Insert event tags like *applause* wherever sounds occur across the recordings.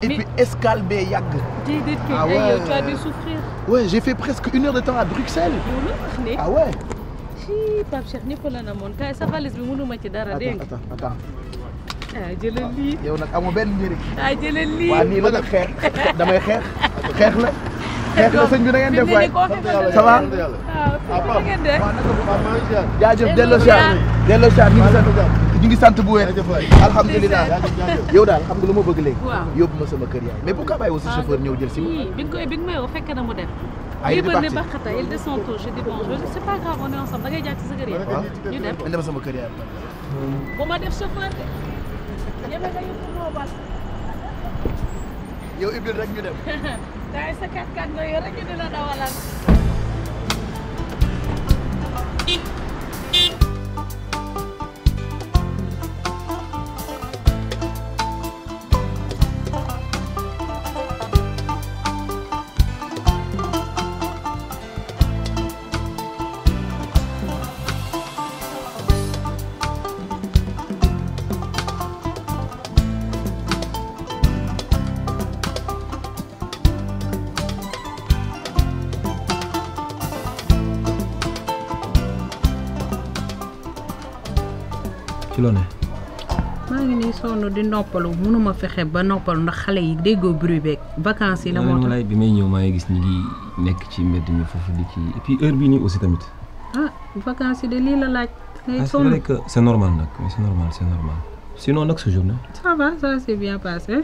et puis escale bee yàgg. déedéet kay yow tu as dû souffrir. ouais j'ai fait presque une heure de temps à Bruxelles. ah ouais. ci Pape Cheikh ñëpp la na moon kay sa valise bi mënuma ci dara dégg nga. attends attends ah jëlal lii. yow nag amoo benn njëriñ. ah jëlal lii waaw nii la nag xeex damay xeex xeex la. xeex la sëñ bi na ngeen def waay ça va. Ah, ah, waaw fi mu ngeen def. jaajëf delloo siyaar delloo siyaar ñu ngi sant ñu ngi sant bu wér. alhamdulilah yow daal xam nga lu ma bëgg léegi. waaw yóbbu ma sama kër yaay mais pourquoi bàyyi wu sa ah, chauffeur jël si bi nga koy bi nga na mu dem. ah il est parti ba xata il descend tout je dis bon c'est pas grave on est ensemble sama kër yaay. bu *laughs* sonn di noppalu mënuma fexe ba noppalu ndax xale yi déggoo bruit beeg vacances yi la moo tax bi may ñëw maa ngi gis ni ngi nekk ci mbedd mi foofu di ci et puis heure bii nii aussi tamit ah vacances yi de lii la laaj ngay ah, sonn c'est vrai que c'est normal nag mais c'est normal journée ça va ça bien passé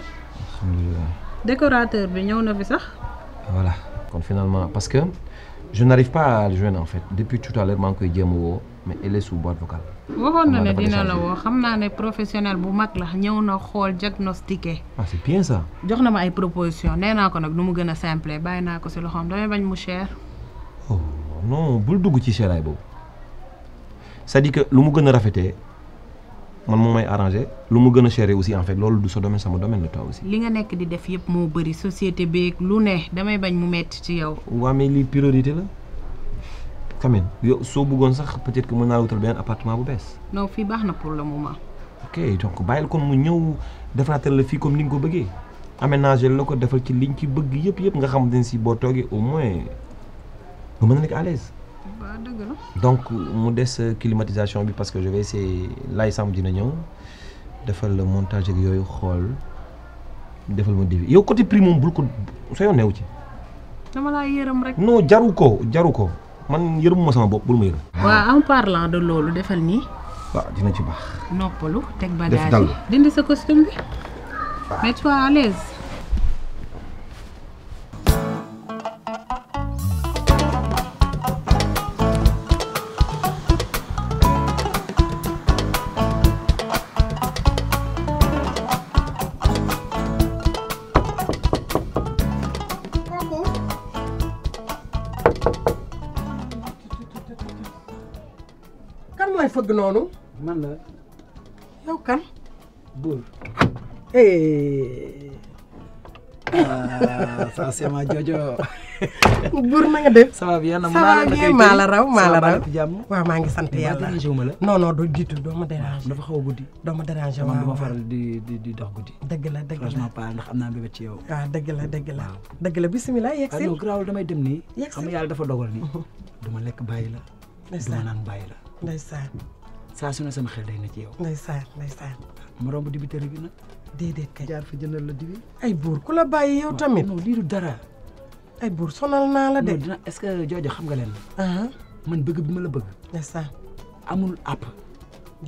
alhamdulilah bi ñëw na fi sax voilà kon finalement parce que je n'arrive pas à le en fait depuis tout à l'heure maa ngi koy jéem a woo mais elle est sous boîte vocale. waxoon na ne dina la woo xam naa ne professionnel bu mag la ñëw na xool diagnostiqué. ah c'est bien ça. jox na ma ay proposition nee naa ko nag lu mu gën a simple bàyyi naa ko si loxoom damay bañ mu cher. oh non bul dugg ci cheraay boobu cest di que lu mu gën a rafetee man moom may arrangé lu mu gën a cher aussi en fait loolu du sa domaine sama domaine la toi aussi. li nga nekk di def yëpp moo bëri société beeg lu ne damay bañ mu metti ci yow. waa mais lii priorité la. quand même yow soo bëggoon sax peut-être que mën naa wutal beneen appartement bu bees. non fii baax na pour le moment. ok donc bàyyil kon mu ñëw defaraatal la fii comme ni nga ko bëggee aménager la ko defal ci liñ ci bëgg yëpp yëpp nga xamante ne si boo au moins nga mën a nekk à donc mu des climatisation bi parce que je vais essayer laay sàmm dina ñëw defal la montage yooyu xool defal ma devis yow côté prix moom bul ko soo yoon neew ci. dama laa yërëm rek. non jaru ko jaru ko. man yërëmuma sama bopp bul ma yërëm. Ah. waaw en parlant de loolu defal nii. waaw ah, dina ci baax. noppalu teg ba yi dindi sa costume bi. waaw ah. mets-toi à bëgg noonu. man yow kan. buur. Eh. ah ça c'est ma jojo. *laughs* buur na nga def. ça va bien maa raw maa raw. waaw maa ngi sant yàlla. non non du jiitu doo ma déranger. dafa xaw a doo ma déranger waaw man ma faral di di di dox guddi. dëgg la dëgg la franchement pas ndax am naa bébé ci yow. waaw ah, dëgg la dëgg la. dëgg la bisimilah yegg si. yàlla dafa dogal *laughs* lekk bàyyi la. duma naan bàyyi la. ndeysaan saa su ne sama xel day na ci yow ndeysaan ndeysaan moroom bu dibiteri na nag déedéet kay jaar fa jëndal la dibi ay buur ku la bàyyi yow tamit non lii du dara ay buur sonal naa la de dina ce que joojo xam nga leen uh-huh. man bëgg bi ma la bëgg ndeysaan amul app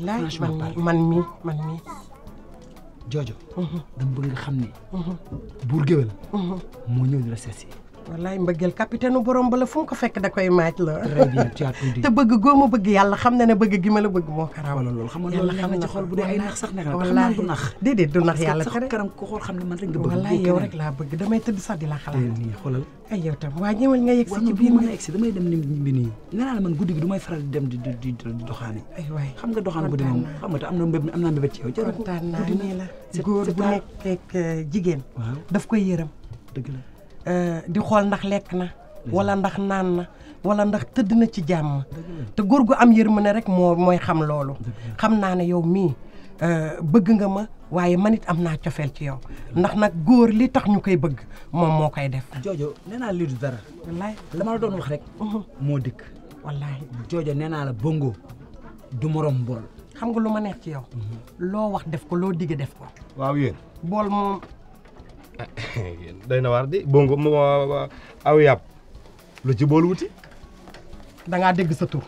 laaj man mi man joojo uh-huh. dama bëgg nga xam ne uh-huh. buur géwél moo ñëw di la seet wallaay mbëggeel capitaine borom bala fu mu ko fekk da koy maaj la. très te bëgg goo ma bëgg yàlla xam na ne bëgg gi ma la bëgg moo ko raw. wala loolu xam nga loolu neex na bu dee ay nax sax neex na xam naa du nax. yàlla tere karam ko xool xam ne man rek nga bëgg. wallaay yow rek laa bëgg damay tëdd sax di la xalaat. nii xoolal ay yow tam waa ñëwal nga yegg si a egsi damay dem ni bi nii nee naa la man guddi gi du may faral di dem di di doxaane ay waay xam nga doxaan guddi moom xam nga te am na mbébét am naa mbébét ci yow jarul kontaan naa nii la góor bu nekk ak euh, jigéen daf Euh, di xool ndax lekk na mhm. wala ndax naan na wala ndax tëdd na ci jàmm te góor gu am yërmande rek moo mooy xam loolu xam naa ne yow mii euh, bëgg nga ma waaye ma nit am naa cofeel ci yow ndax nag góor li tax ñu koy bëgg moom moo koy def joojo nee naa lii du dara wallaay la ma la doon wax rek mhm. moo dikk wallaay joojo nee naa la bongo du morom bool xam nga lu ma neex ci yow mhm. loo wax def ko loo digg def ko waaw yéen bool moom Eh, *laughs* doy na waar di bongo mu aw yàpp lu ci bool wuti. da dégg sa tur.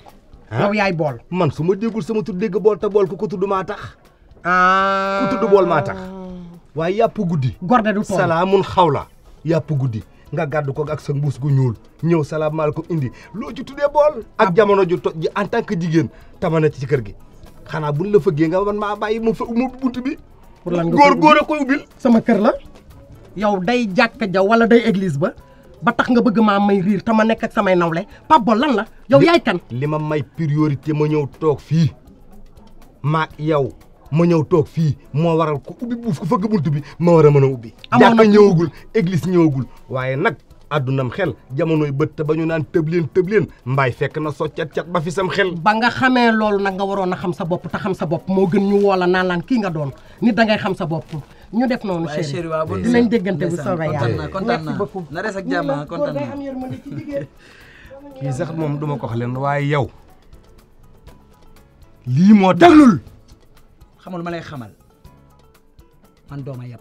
yow yaay bool. man su ma déggul sama tur dégg bool te bool ko ko tudd maa tax. Ah. ku tudd bool maa tax. waaye yàpp guddi. gorde du tool salaamun xawla yàpp guddi. nga gàddu ko ak sa mbuus gu ñuul ñëw salaamaaleykum indi loo ci tuddee bool. ak jamono ju toj ji en tant que jigéen tamana ci kër gi. xanaa buñ la fëggee nga man maa bàyyi mu fa mu bi. pour lan nga góor góor a koy ubbil sama kër la. yow day jàkka jaw wala day église ba ba tax nga bëgg maa may riir te ma samay nawle Pape lan la yow yaay kan. li ma may priorité ma ñëw toog fii maak yow ma ñëw toog fii moo waral ko ubbi buuf ku fëgg bunt bi ma war a mën a ubbi. amoon na jàkka ñëwagul église ñëwagul waaye nag. addunam xel jamonoy bët te ba ñu naan tëb leen mbaay fekk na soo cat cat ba fi sam xel. ba nga xamee loolu nag nga waroon a xam sa bopp te xam sa bopp moo gën ñu woola naan kii nga doon nit da ngay xam sa bopp ñu def noonu chéri waaw dinañ déggante bu soobee yàlla kontaan naa na res ak jàmm kontaan *laughs* sax moom duma ko wax leen waaye yow lii moo daglul xamal ma lay xamal man dooma yab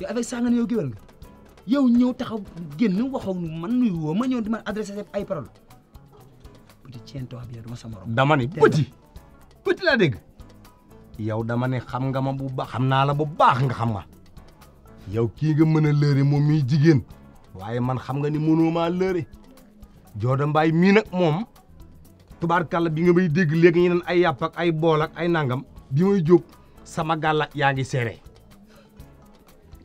yow avec ça nga ne yow géwél nga yow ñëw taxaw génn waxoon man nuyu woo ma ñëw di ma adressé ay parole buti ceen too xam yow duma sa morom dama buti buti laa dégg yow dama ne xam nga ma bu baax xam naa la bu baax nga xam ma yow kii nga mën a lëre moom mii jigéen waaye man xam nga ni mënoo maa lëre jooda mbaay mii nag moom tubaarkàlla bi nga may dégg léegi ñu naan ay yàpp ak ay bool ak ay nangam bi may jóg sama gàllaaj yaa ngi seere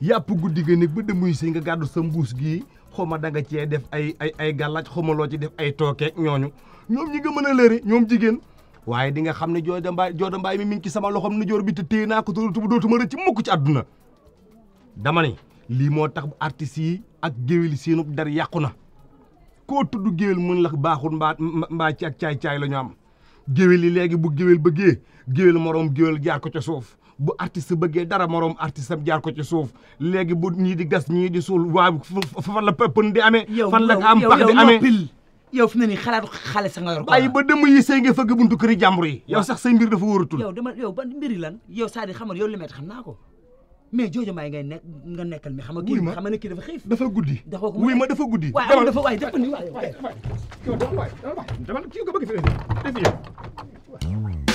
yàpp guddi ga nag ba demuy si nga gàddu sa mbuus gi xaw ma da nga cee def ay ay ay gàllaaj xaw ma loo ci def ay tookeeg ñooñu ñoom ñi nga mën a lëre ñoom jigéen waaye di nga xam ne jooda mbaay jooda mbaay mi mi ngi ci sama loxom nu joor bi te téye naa ko dootuma rëcc mukk ci àdduna dama ne lii moo tax bu artistes yi ak géwél seenu der yàqu na koo tudd géwél mën la baaxul mbaa mbaa ci ak caay-caay la ñu am géwél yi léegi bu géwél bëggee géwél moroom géwél jaar ko ca suuf bu artiste bëggee dara moroom artiste am jaar ko ci suuf léegi bu ñii di gas ñii di suul waaw fan la pëppën di amee fan la am pax di amee yow fi mu ne nii xalaatu xale sa nga yor. bàyyi ba dem yi sëy nga fëgg buntu këri jàmbur yow sax say mbir dafa wóoratul. yow dama yow ban mbiri lan yow saa di xamal yow li met xam naa ko ngay nekk nga nekkal mi xam nga kii xam nga kii dafa xiif. dafa guddi dafa ko wuy ma dafa guddi. waaw dafa waay dafa ni waay waay. yow dafa kii nga bëgg fi def yow.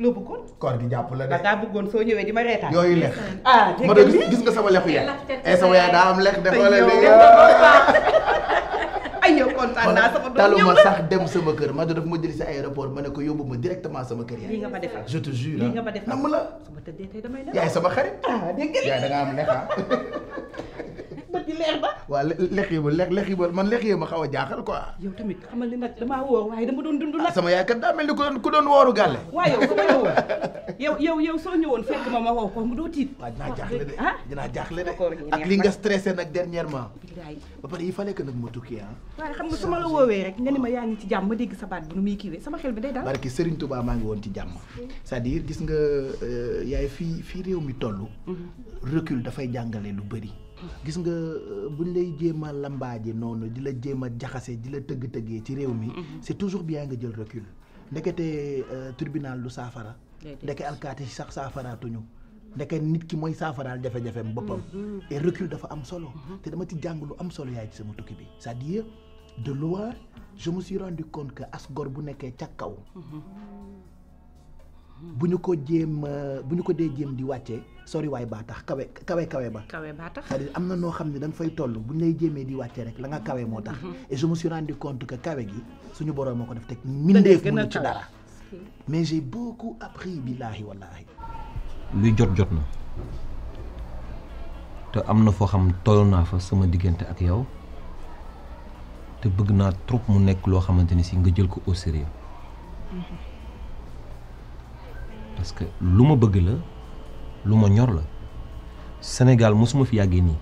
loo bëggoon. koor gi jàpp la de. da ngaa bëggoon soo ñëwee di ma yooyu lex ah dégg nga ma gis nga sama lexu yaay. eh sama yaay daa am lex de xoolee *laughs* ay yow sax dem sama kër Mado daf ma jëli si aéroport ma ne ma directement sama yaay. ma defal je te jure lii nga ma defal nam la. sama tëddee tey damay def yaay sama xarit. ah dégg nga yaay da nga am lex ah. *laughs* bët yi ba waaw lex yi ma lex yi ma man lex ma xaw a jaaxal quoi yow tamit xamal ni nag damaa woor waaye dama doon dund nag ah, sama yaay kat daa ni ku doon ku doon wooru gàlle *laughs* yow yow yow yow soo ñëwoon ma ma ko mu doo tiit waaw dinaa jaaxle de ah? dinaa jaaxle de ak li nga stressé nag dernièrement ba pare il fallait que nag ma tukki ah waaye xam nga su ma la woowee rek nga ni ma yaa ngi ci jàmm ma dégg sa baat bu nu muy kiiwee sama xel bi day daal barki Serigne Touba maa ngi woon ci jàmm c'est-à-dire gis nga euh, yaay fii fii réew mi toll mhm. recul dafay jàngale lu bari gis nga euh, buñ lay jéem a lambaaje noonu di la jéem a jaxase di la tëgg-tëggee ci réew mi. Mm-hmm. c'est toujours bien nga jël recul. ndekete euh, tribunal lu saafara. ndeke alkaati sax saafaraatuñu. ndeke nit ki mooy saafaraal jafe-jafeem boppam. Mm-hmm. et recul dafa am solo. Mm-hmm. te dama ci jàng lu am solo yaay ci sama tukki bi sa à dire de loin je me suis compte que as gor bu nekkee ca kaw. bu ñu ko jéem euh, bu ñu ko dee jéem di wàccee. soriwaay baa tax kawe kawe kawe ba. kawe baa tax c'est-à-dire am na noo xam ne da fay toll bu ñu lay jéemee di wàcce rek la nga kawe moo tax. Mm-hmm. et su me suis rendu compte kawe gi suñu borom moo ko def teg. mindeef mënu ci dara mais j'ai beaucoup appris billaahi wallaahi. luy jot jot na te am na foo xam toll naa fa sama diggante ak yow te bëgg naa trop mu nekk loo xamante ni si nga jël ko au sérieux mm-hmm. parce que lu ma bëgg la. lu ma ñor la Sénégal mosuma fi yàggee nii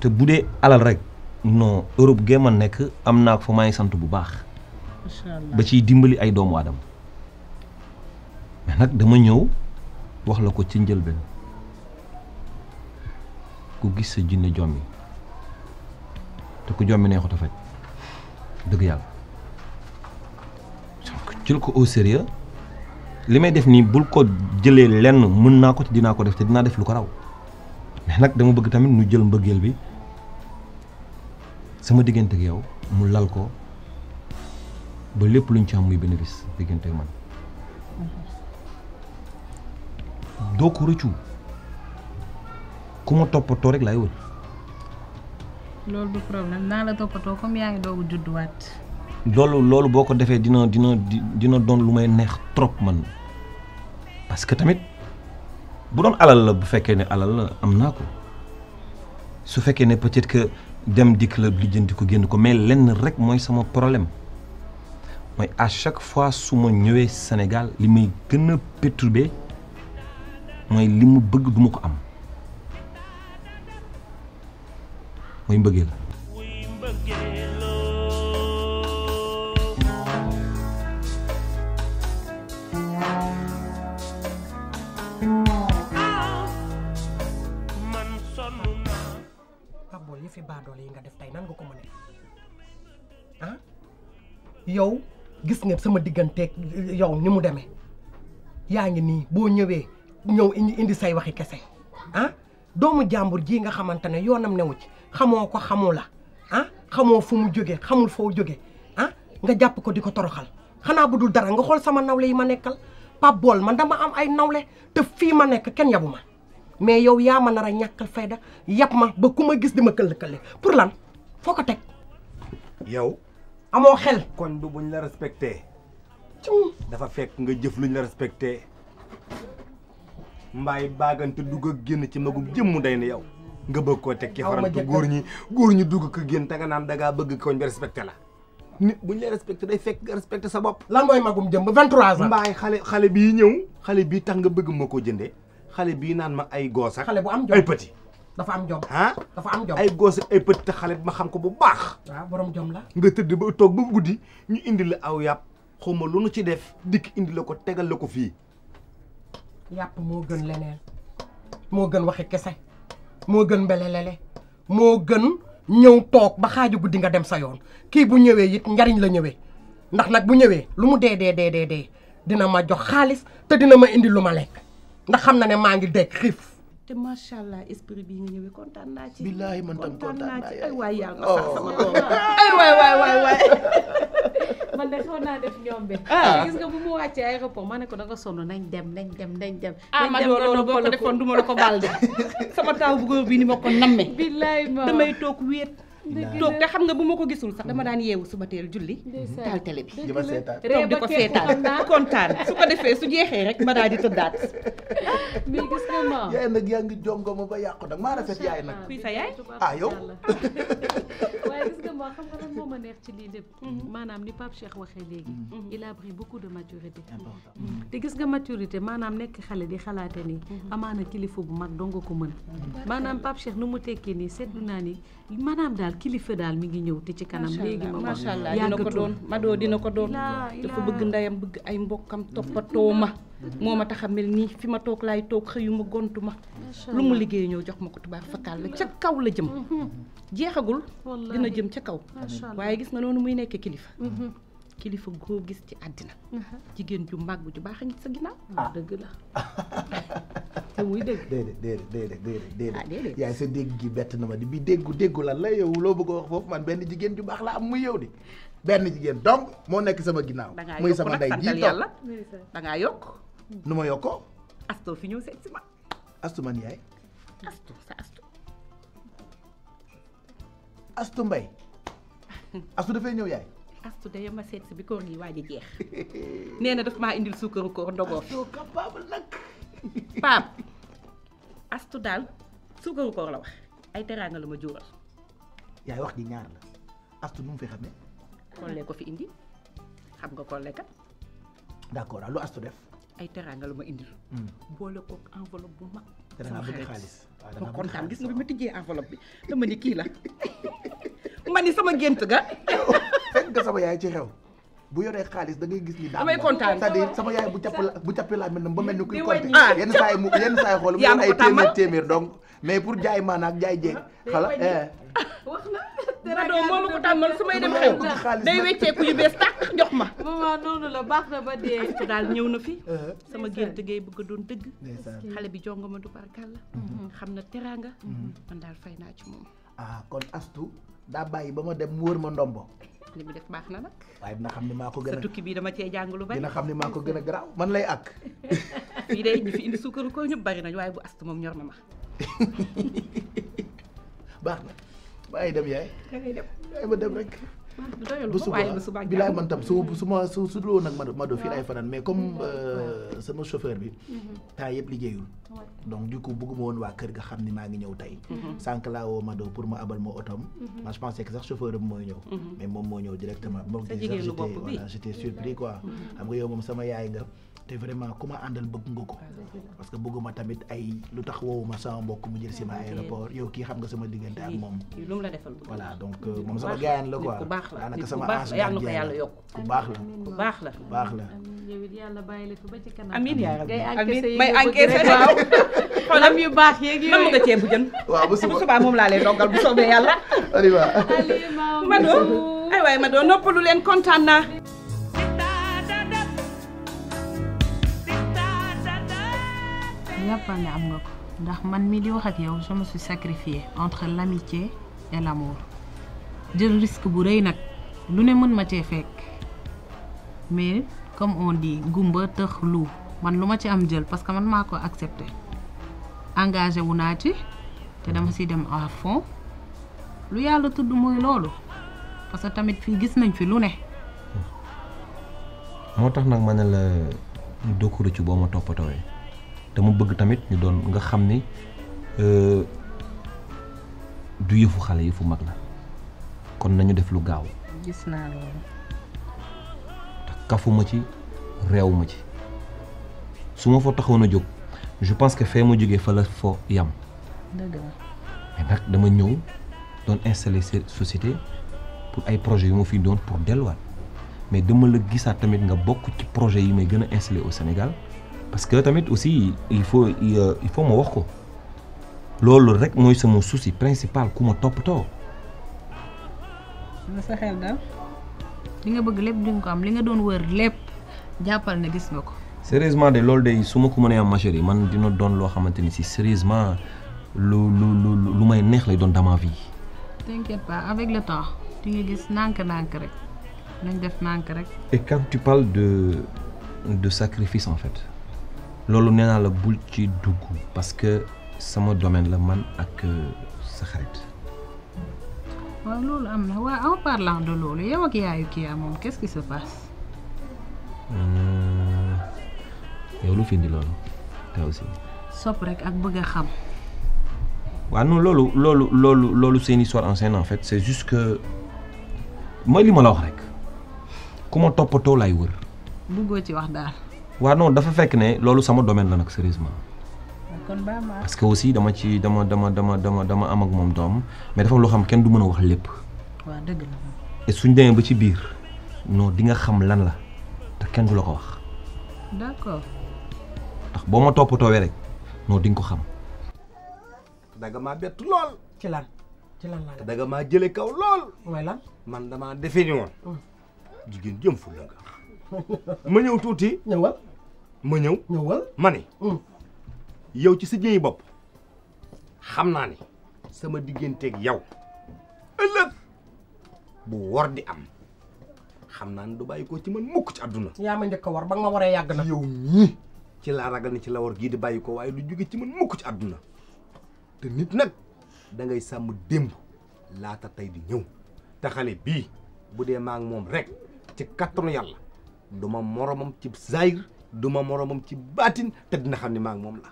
te bu dee alal rek non Europe gee nekk am naa ko fa maa sant bu baax. ba ciy dimbali ay doomu aadama mais nag dama ñëw wax la ko ci njëlbeen ku gis sa jinne jommi te ku jommi neexut a faj dëgg yàlla donc jël ko au li may def nii bul ko jëlee lenn mën naa ko ci dinaa ko def te dinaa def lu ko raw mais nag dama bëgg tamit ñu jël mbëggeel bi sama diggante ak yow mu lal ko ba lépp luñ ci am muy bénéfice diggante ak man doo ko rëccu ku ma toppatoo rek laay wër. loolu du problème naa la toppatoo comme yaa ngi doog a judduwaat. loolu loolu boo ko defee dina dina dina doon lu may neex trop man parce que tamit bu doon alal la bu fekkee ne alal la am naa ko su fekkee ne peut-être que dem dikk la lijjanti ko génn ko mais lenn rek mooy sama problème mooy à chaque fois su ma ñëwee Sénégal li may gën a perturbé mooy li mu bëgg duma ko am mooy mbëggee la. yëfi baadoole yi nga def tey nan nga ko mënee ah yow gis nga sama digganteeg yow ni mu demee yaa ngi nii boo ñëwee ñëw indi say waxi kese ah doomu jàmbur ji nga xamante ne yoonam newu ci xamoo ko xamu la ah? xamoo fu mu jógee xamul foo jóge ah nga jàpp ko di ko toroxal xanaa bu dul dara nga xool sama nawle yi ma nekkal Pape Bool man dama am ay nawle te fii ma nekk kenn yabu ma mais yow yaa ma nar a ñàkkal fayda yàpp ma ba ku ma gis di ma këll-këlle pour lan foo ko teg. yow. amoo xel. koñ du buñ la respecté. dafa fekk nga jëf luñ la respecté mbaay baagante dugg ak génn ci magum jëmm day na yow. nga bëgg koo teg ci farantu góor ñi góor ñi dugg ko génn te nga naan dangaa bëgg koñ bi respecté la. nit bu buñ lay respecté day fekk nga respecté sa bopp. lan mooy magum jëm ba 23 ans. mbaay xale xale bii ñëw. xale bii tax nga bëgg moo ko jëndee. xale bii naan ma ay goos ak xale bu am jom ay petit dafa am jom ah dafa am jom ay goos ay petit te xale bi ma xam ko bu baax waaw borom jom la nga tëdd ba toog ba guddi ñu indi la aw yàpp xaw ma lu nu ci def dikk indi la ko tegal la ko fii yàpp moo gën leneen moo gën waxi kese moo gën mbelelele moo gën ñëw toog ba xaaju guddi nga dem sa yoon kii bu ñëwee it njariñ la ñëwee ndax nag bu ñëwee lu mu dee dee dee dee dee dina ma jox xaalis te dina ma indi lu ma lekk ndax xam na ne maa ngi dégg xiif. te macha allah esprit bi nga ñëwee kontaan naa ci. billaahi man tam kontaan naa ci ay waay yàlla oh. waay waay waay waay. *laughs* man de xaw naa def ñoom bi. Ah. gis nga bu mu wàccee aéroport ma ne ko da sonn nañ dem nañ dem nañ dem. ah man loolu boo ko defoon du ma la ko baal *laughs* sama taw bu góor bii ni ma ko nammee. billaahi ma damay toog wéet. toog te xam nga bu ma ko gisul sax dama daan yeewu suba teel julli taal télé bi toog di ko seetaan kontaan su ko defee su jeexee rek ma daal di tëddaat mais *laughs* gis nga ma yaay nag yaa ngi jongoma ba yàqu nag maa rafet yaay nag kuy sa yaay ah yow *laughs* waaye justement xam nga lan moo ma neex ci lii lépp mhm. Mhm. maanaam ni Pape Cheikh waxee léegi mhm. il a pris beaucoup de maturité te gis nga maturité maanaam nekk xale di xalaate nii amaana kilifa bu mag donga ko mën maanaam Pape Cheikh nu mu tekkee nii seetlu naa ni maanaam daal kilifa daal mi ngi ñëw te ci kanam léegi ma wax yàggatul Mado dina ko doon dafa bëgg ndeyam bëgg ay mbokkam toppatoo ma moo ma tax a mel nii fi ma toog laay toog xëyuma ma lu mu liggéey ñoo jox ma ko tubaab fakkaal la ca kaw la jëm mm-hmm. jeexagul dina jëm ca kaw waaye gis nga noonu muy nekkee kilifa mm-hmm. kilifa goo gis ci àddina mm-hmm. jigéen ju màgg ju baax a ngi sa ginnaaw ah. dëgg la *laughs* te muy dëgg déedéet ah, déedéet yaay sa dégg bett na ma di bi déggu déggu lan la yow loo bëgg wax foofu man benn jigéen ju baax la am mu yow di benn jigéen donc moo nekk sama ginnaaw muy sama ndey ji toog dangaa yokk nu ma yokkoo. Astu fi ñëw seet si ma. Astu man yaay. Astu sa Astu. Astu Mbay. Astu dafay ñëw yaay. Astu de ma seet si bi koor gi waaj a jeex. nee na daf maa indil suukaru koor ndogoo. Astu capable nag. Paap Astu daal suukaru koor la wax ay teraanga la ma juural. yaay wax ji ñaar la Astu nu mu fi xamee. Kolle ko fi indi xam nga Kolle kat. d'accord lu Astu def. ay teraanga la ma indil. Hmm. boole kook enveloppe bu mag. sama xaalis ah, ma kontaan gis nga bi ma tijjee enveloppe bi dama ni kii la *laughs* ma ni sama gént ga. *laughs* fekk nga sama yaay ci xew. bu yoree xaalis da ngay gis ni. damay kontaan c'est-à-dire sama yaay bu jàpp bu jàppee laa mel na ba mel ni kuy compter. ah yenn saa yi mu yenn saa yi xool mu *laughs* ay téeméer téeméer donc mais pour jaay maanaam jaay jeeg. xala Mado moo ma ko su may dem xew day wecceeku yu bees tàq jox ma. *laughs* maman noonu la baax na ba dee. ci daal ñëw na fi. Uh-huh. sama gént gay bëgg a doon dëgg. xale bi jongo ma du barkalla. Mm-hmm. xam na teraanga. Mm-hmm. man daal fay naa ci moom. Ah, kon astu daa bàyyi ba ma dem mu wër ma ndombo. li mu def baax na nag. waaye dina xam ne maa ko gën a bii dama cee jàng lu bari. xam ne maa ko gën a garaaw man lay àkk. *laughs* fii de ñu fi indi suukaru ko ñëpp bari nañu waaye bu astu moom ñor na ma. *laughs* baax na. bàyyi dem yaay. dangay dem bàyyi ma dem rek. bu suba bi laay man tam su su ma su su dul woon nag Mado Mado fii laay fanaan mais comme mm-hmm. euh, sama chauffeur bi mm-hmm. temps yëpp liggéeyul donc du coup bëgguma woon waa kër ga xam ni maa ngi ñëw tey mm-hmm. sànq laa woo Mado pour ma abal ma otom ma je pensais que sax chauffeur bi mooy ñëw mais moom moo ñëw directement moo sax j'étais voilà j'étais surpris quoi xam nga yow moom sama yaay nga te vraiment ku ma àndal bëgg nga ko parce que bëgguma tamit ay lu tax woowuma sama mbokk mu jël si ma aéroport yow kii xam nga sama diggante ak moom voilà donc moom sama gaayaan la quoi daanaka sama ange yàlla na ko yàlla yokk ku baax la ku baax la ku baax la amiin yaa rabbi amiin may encaissé waaw xolam yu baax yeeg yooyu nga ceebu jën waaw bu subaa moom laa lay doggal bu soobee yàlla Aliou ma doo ay waay ma doo noppalu leen kontaan naa jàppal ne ndax man mi di ak yow je me suis sacrifié entre l'amitié et l'amour jël risque bu rëy nag lu ne mën ma cee fekk mais comme on dit gumba tëx lu man lu ma ci am jël parce que man maa ko accepté engagé wu naa ci te dama ci dem à fond lu yàlla tudd mooy loolu parce que tamit fii gis nañ fi lu ne. moo tax nag ma la dëkkuru ci boo ma toppatooyee. dama bëgg tamit ñu doon nga xam ni euh, du yëfu xale yëfu mag la kon nañu def lu gaaw. gis te kafuma ci réew ma ci su ma fa taxawoon a jóg je pense que fee ma jógee fa la fo yam. dëgg nag dama ñëw doon installer société pour ay projets yu ma fi doon pour delluwaat mais dama la gisaat tamit nga bokk ci projet yi may gën a installer au Sénégal. parce que tamit aussi il faut il euh, faut ma wax ko loolu rek mooy sama souci principal ku ma toppatoo. nga sa xel daal li nga bëgg lépp di ko am li nga doon wër lépp jàppal na gis nga ko. sérieusement de loolu day su ma ko mënee am ma chérie man dina doon loo xamante ni si sérieusement lu lu lu lu may neex lay doon dama ma vie. t'inquiète pas avec le temps di nga gis nànk-nànk rek nañ def nànk rek. et quand tu de de sacrifice en fait. loolu nee naa la bul ci dugg parce que sama domaine la man ak euh, sa xarit. waaw loolu am na waaw en parlant de loolu yow ak yaayu Kya moom qu'est-ce qui se euh, yow lu fii indi loolu te aussi. sopp rek ak bëgg a xam. waaw non loolu loolu loolu loolu c'est une histoire ancienne en fait c'est juste que mooy li ma la wax rek ku ma toppatoo laay wër. bëggoo ci wax daal. waaw non dafa fekk ne loolu sama domaine la nag sérieusement parce que aussi dama ci dama dama dama dama dama am ak moom doom mais dafa loo xam kenn du mën a wax lépp. waaw suñ demee ba ci biir non di nga xam lan la kenn du la ko wax. boo ma toppatoowee rek non di ko xam. danga maa bett lool. ci lan ci lan la danga maa jële kaw lool. mooy man damaa defe ni woon. Mm. ma ñëw tuuti. ñëwal ma ñëw. ñëwal ma ni. Mm. yow ci sa jëyi bopp xam naa ni sama digganteek yow ëllëg bu war di am xam naa ni du bàyyi ko ci man mukk ci àdduna. yaa ma njëkk a war ba nga ma waree yàgg na. yow nii ci laa ragal ni ci la war gii di bàyyi ko waaye du jóge ci man mukk ci àdduna te nit nag dangay ngay sàmm démb laata tey di ñëw te xale bii bu dee maa ngi moom rek ci kattanu yàlla. du ma moromam ci zahir du ma moromam ci baatin te dina xam ni maak moom la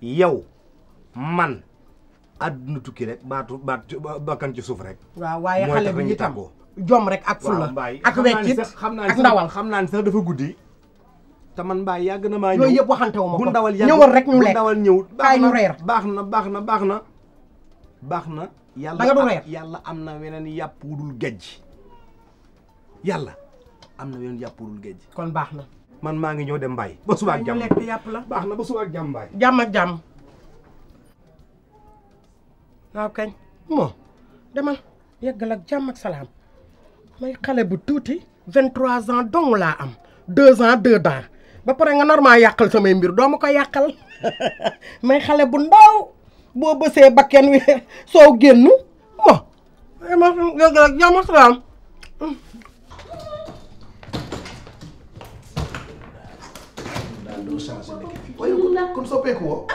yow man àdduna tukki rek baatu baatu bakkan ci suuf rek. waaw waaye xale bi itam jom rek ak fulla ak weccit ak ndawal xam naa ne sax dafa guddi. te man mbaay yàgg na maa ñëw yëpp waxante wu ma ko bu ndawal rek ñu lekk bu ndawal ñëw. kaay ñu reer baax na baax na baax na baax na. yàlla yàlla am na weneen yàpp wudul gajj yàlla. am na yoon yàppulul géej kon baax na man maa ngi ñëw dem mbaay ba suba ak jàmm lekk yàpp la baax na ba suba ak jàmm mbaay jàmm ak jàmm waaw kañ moo demal yeggal ak jàmm ak salaam may xale bu tuuti vingt trois ans dong laa am deux ans deux ans ba pare nga normal yàqal samay mbir doo ma ko yàqal *laughs* may xale bu ndaw boo bësee bakken wi *laughs* soow génn moo ma yeggal ak jàmm ak salaam tout changé nekk waaye kon soppeeku woo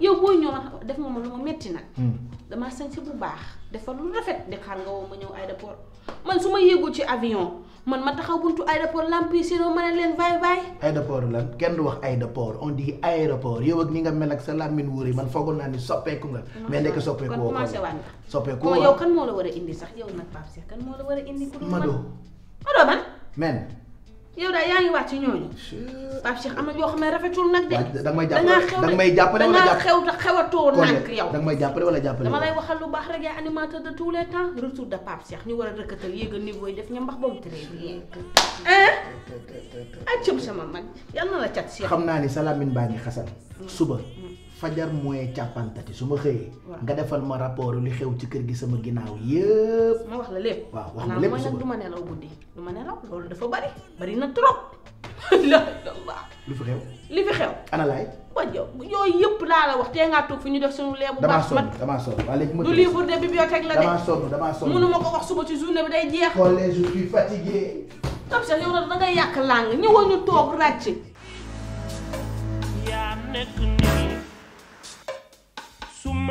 yow booy ñëw def nga ma lu ma metti nag hmm. damaa sañse bu baax defal lu rafet di nga woo ma ñëw aéroport man su ma yéegul ci avion man ma taxaw buntu aéroport lampi si ma ne leen vaay vaay aéroport lan kenn du wax aéroport on di aéroport yow ak ni nga mel ak sa làmmiñ wuur yi man foogoon naa ni soppeeku nga mais nekk soppeeku woo commencé waat nga soppeeku yow kan moo la war a indi sax yow nag Pape Cheikh kan moo la war a indi ku dul Mado Mado yow daal yaa ngi wàcc ñooñu. Pape Cheikh am na yoo xam ne rafetul nag de. da nga may jàppale wala jàpp xew te xew nag yow. da nga may jàppale wala jàppale dama lay waxal lu baax rek yaay animateur de tous les temps retour de Pape Cheikh ñu war a rëkkatal yéegal niveau yi def ña mbax boobu tëree bi. ah cëm sama mag yal na la cat Cheikh. xam naa ni Salamine baa ngi xasan mm. suba. Mm. fajar mooy càppantati su ma xëyee. nga defal ma rapport li xew ci kër gi sama ginnaaw yëpp. ma wax la lépp waaw wax nga lépp suba du ma nelaw guddi du ma nelaw loolu dafa bari bari na trop. *laughs* lu fi xew. li fi xew. ana laay. waa yooyu yëpp ñu def suñu leebu. damaa sonn damaa sonn waa léegi ma du la de. damaa sonn damaa ma ko wax suba ci journée bi day jeex. xoolal je suis fatigué. comme ça yàq làng ñëwoon toog ràcc. yaa nekk nii.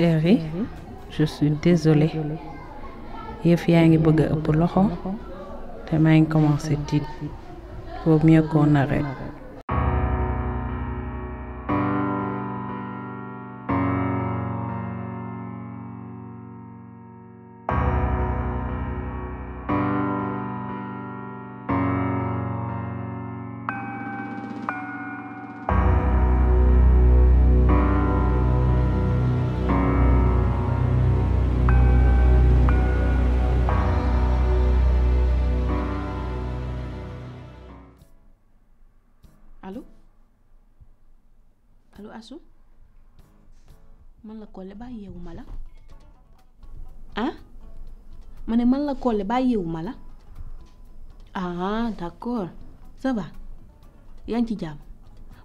chérie je suis désolée yëf yaa ngi bëgg a ëpp loxo te maa ngi commencé tiit faut mieux qu'on arrête Collé ma la ah d'accord ça yaa ngi ci jàmm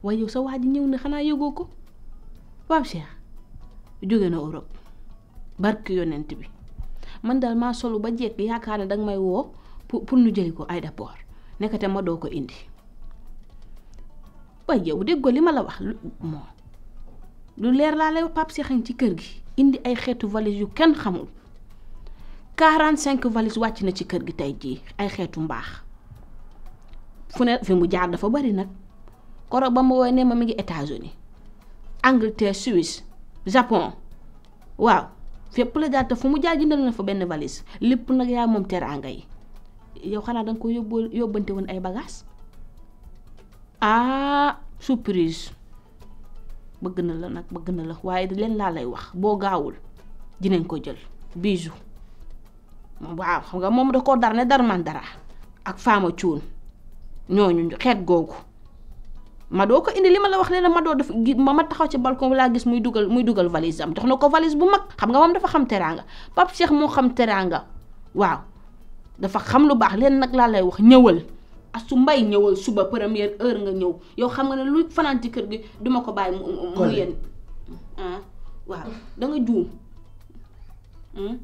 waaye yow sa waa ji ñëw na xanaa yëgoo ko Pape jóge na Europe barke yonent bi man daal maa solu ba jekk yaakaar ne danga may woo pour pour nu jëli ko aéroport nekkate ma doo ko indi waaye yow déggoo li ma la wax moom lu leer laa lay Pape ci kër gi indi ay xeetu valise yu kenn xamul. quarante cinq valise wàcc na ci kër gi tey jii ay xeetu mbaax fu ne fi mu jaar dafa bari nag koro ba mu woowee ne ma mi ngi États-Unis Angleterre Suisse Japon waaw fépp la jaar te fu mu jaar jëndal na fa benn valise lépp nag yaa moom teraanga yi yow xanaa danga ko yóbbu yóbbante woon ay bagages ah surprise bëgg na la nag bëgg na la waaye leen laa lay wax boo gaawul dinañ ko jël waaw xam nga moom da koo dar ne dar man dara ak faama cuun ñooñu xeet googu doo ko indi li ma la wax ne la Mado dafa gi ma ma taxaw ci balcon bi laa gis muy dugal muy dugal valise am jox na ko valise bu mag xam nga moom dafa xam teraanga Pape Cheikh moo xam teraanga waaw dafa xam lu baax leen nag laa lay wax ñëwal asu mbay ñëwal suba première heure nga ñëw yow xam nga ne lu fanaan ci kër gi duma ko bàyyi mu mu yenn ah, waaw danga juum hmm?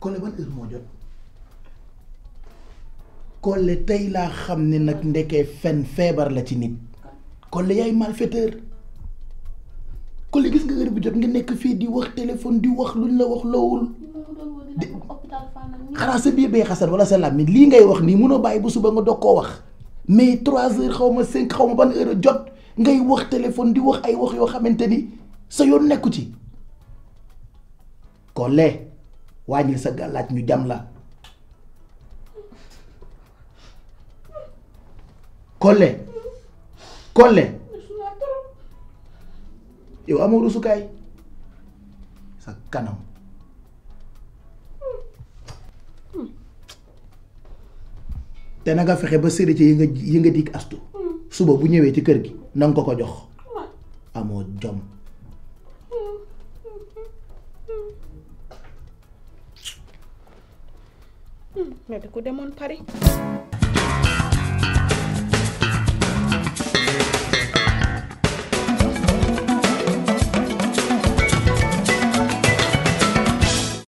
Collé ban heure moo jot Collé tey laa xam ne nag ndekee fen feebar la ci nit Collé yaay malfaiteur Collé gis nga heure bi jot nga nekk fii di wax téléphone di wax luñ la wax loowul xanaa sa biir bay xasar wala sa làmmiñ lii ngay wax nii munoo bàyyi bu suba nga doog koo wax mais trois heures xaw ma cinq xaw ma ban heure jot ngay wax téléphone di wax ay wax yoo xamante ni sa yoon nekku ci Collé wàññil sa gàllaaj ñu jam la Collé Collé yow amoo rusukaay sa kanam te na fexe ba séddee ci yi nga yi nga dig astu suba bu ñëwee ci kër gi na ko ko jox amoo jom mel ni ku demoon Paris